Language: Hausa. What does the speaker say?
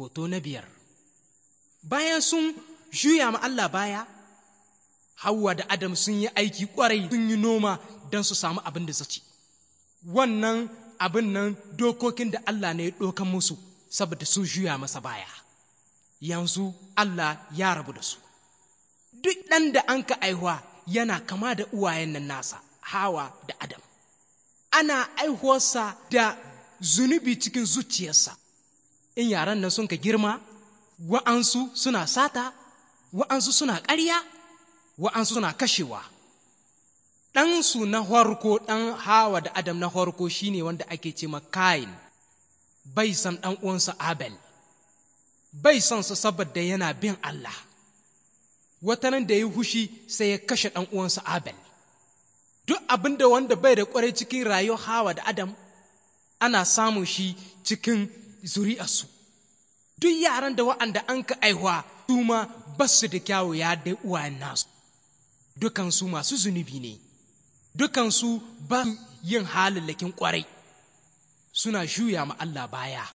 hoto na biyar bayan sun juya ma Allah baya Hawwa da Adam sun yi aiki kwarai sun yi noma don su samu abin da zaci wannan abin nan dokokin da Allah ne ya ɗokan musu saboda sun juya masa baya yanzu Allah ya rabu da su duk ɗan da an ka aihuwa yana kama da uwayen nan nasa hawa da adam ana aihuwarsa da zunubi cikin zuciyarsa in yaran nan sun ka girma wa'ansu suna sata wa'ansu suna ƙarya wa'ansu suna kashewa ɗansu na harko ɗan hawa da adam na harko shine wanda ake ce kain bai san ɗan uwansa abel bai san su saboda yana bin Allah watanan da ya hushi sai ya kashe ɗan uwansa abel duk abin da wanda bai da ƙwarai cikin rayuwar hawa da adam ana samun shi cikin zuri'arsu duk yaran da wa'anda an ka aihuwa su ma ba su da kyawu ya dai uwayen nasu dukansu masu zunubi ne dukansu ba yin halin lakin kwarai suna shuya ma Allah baya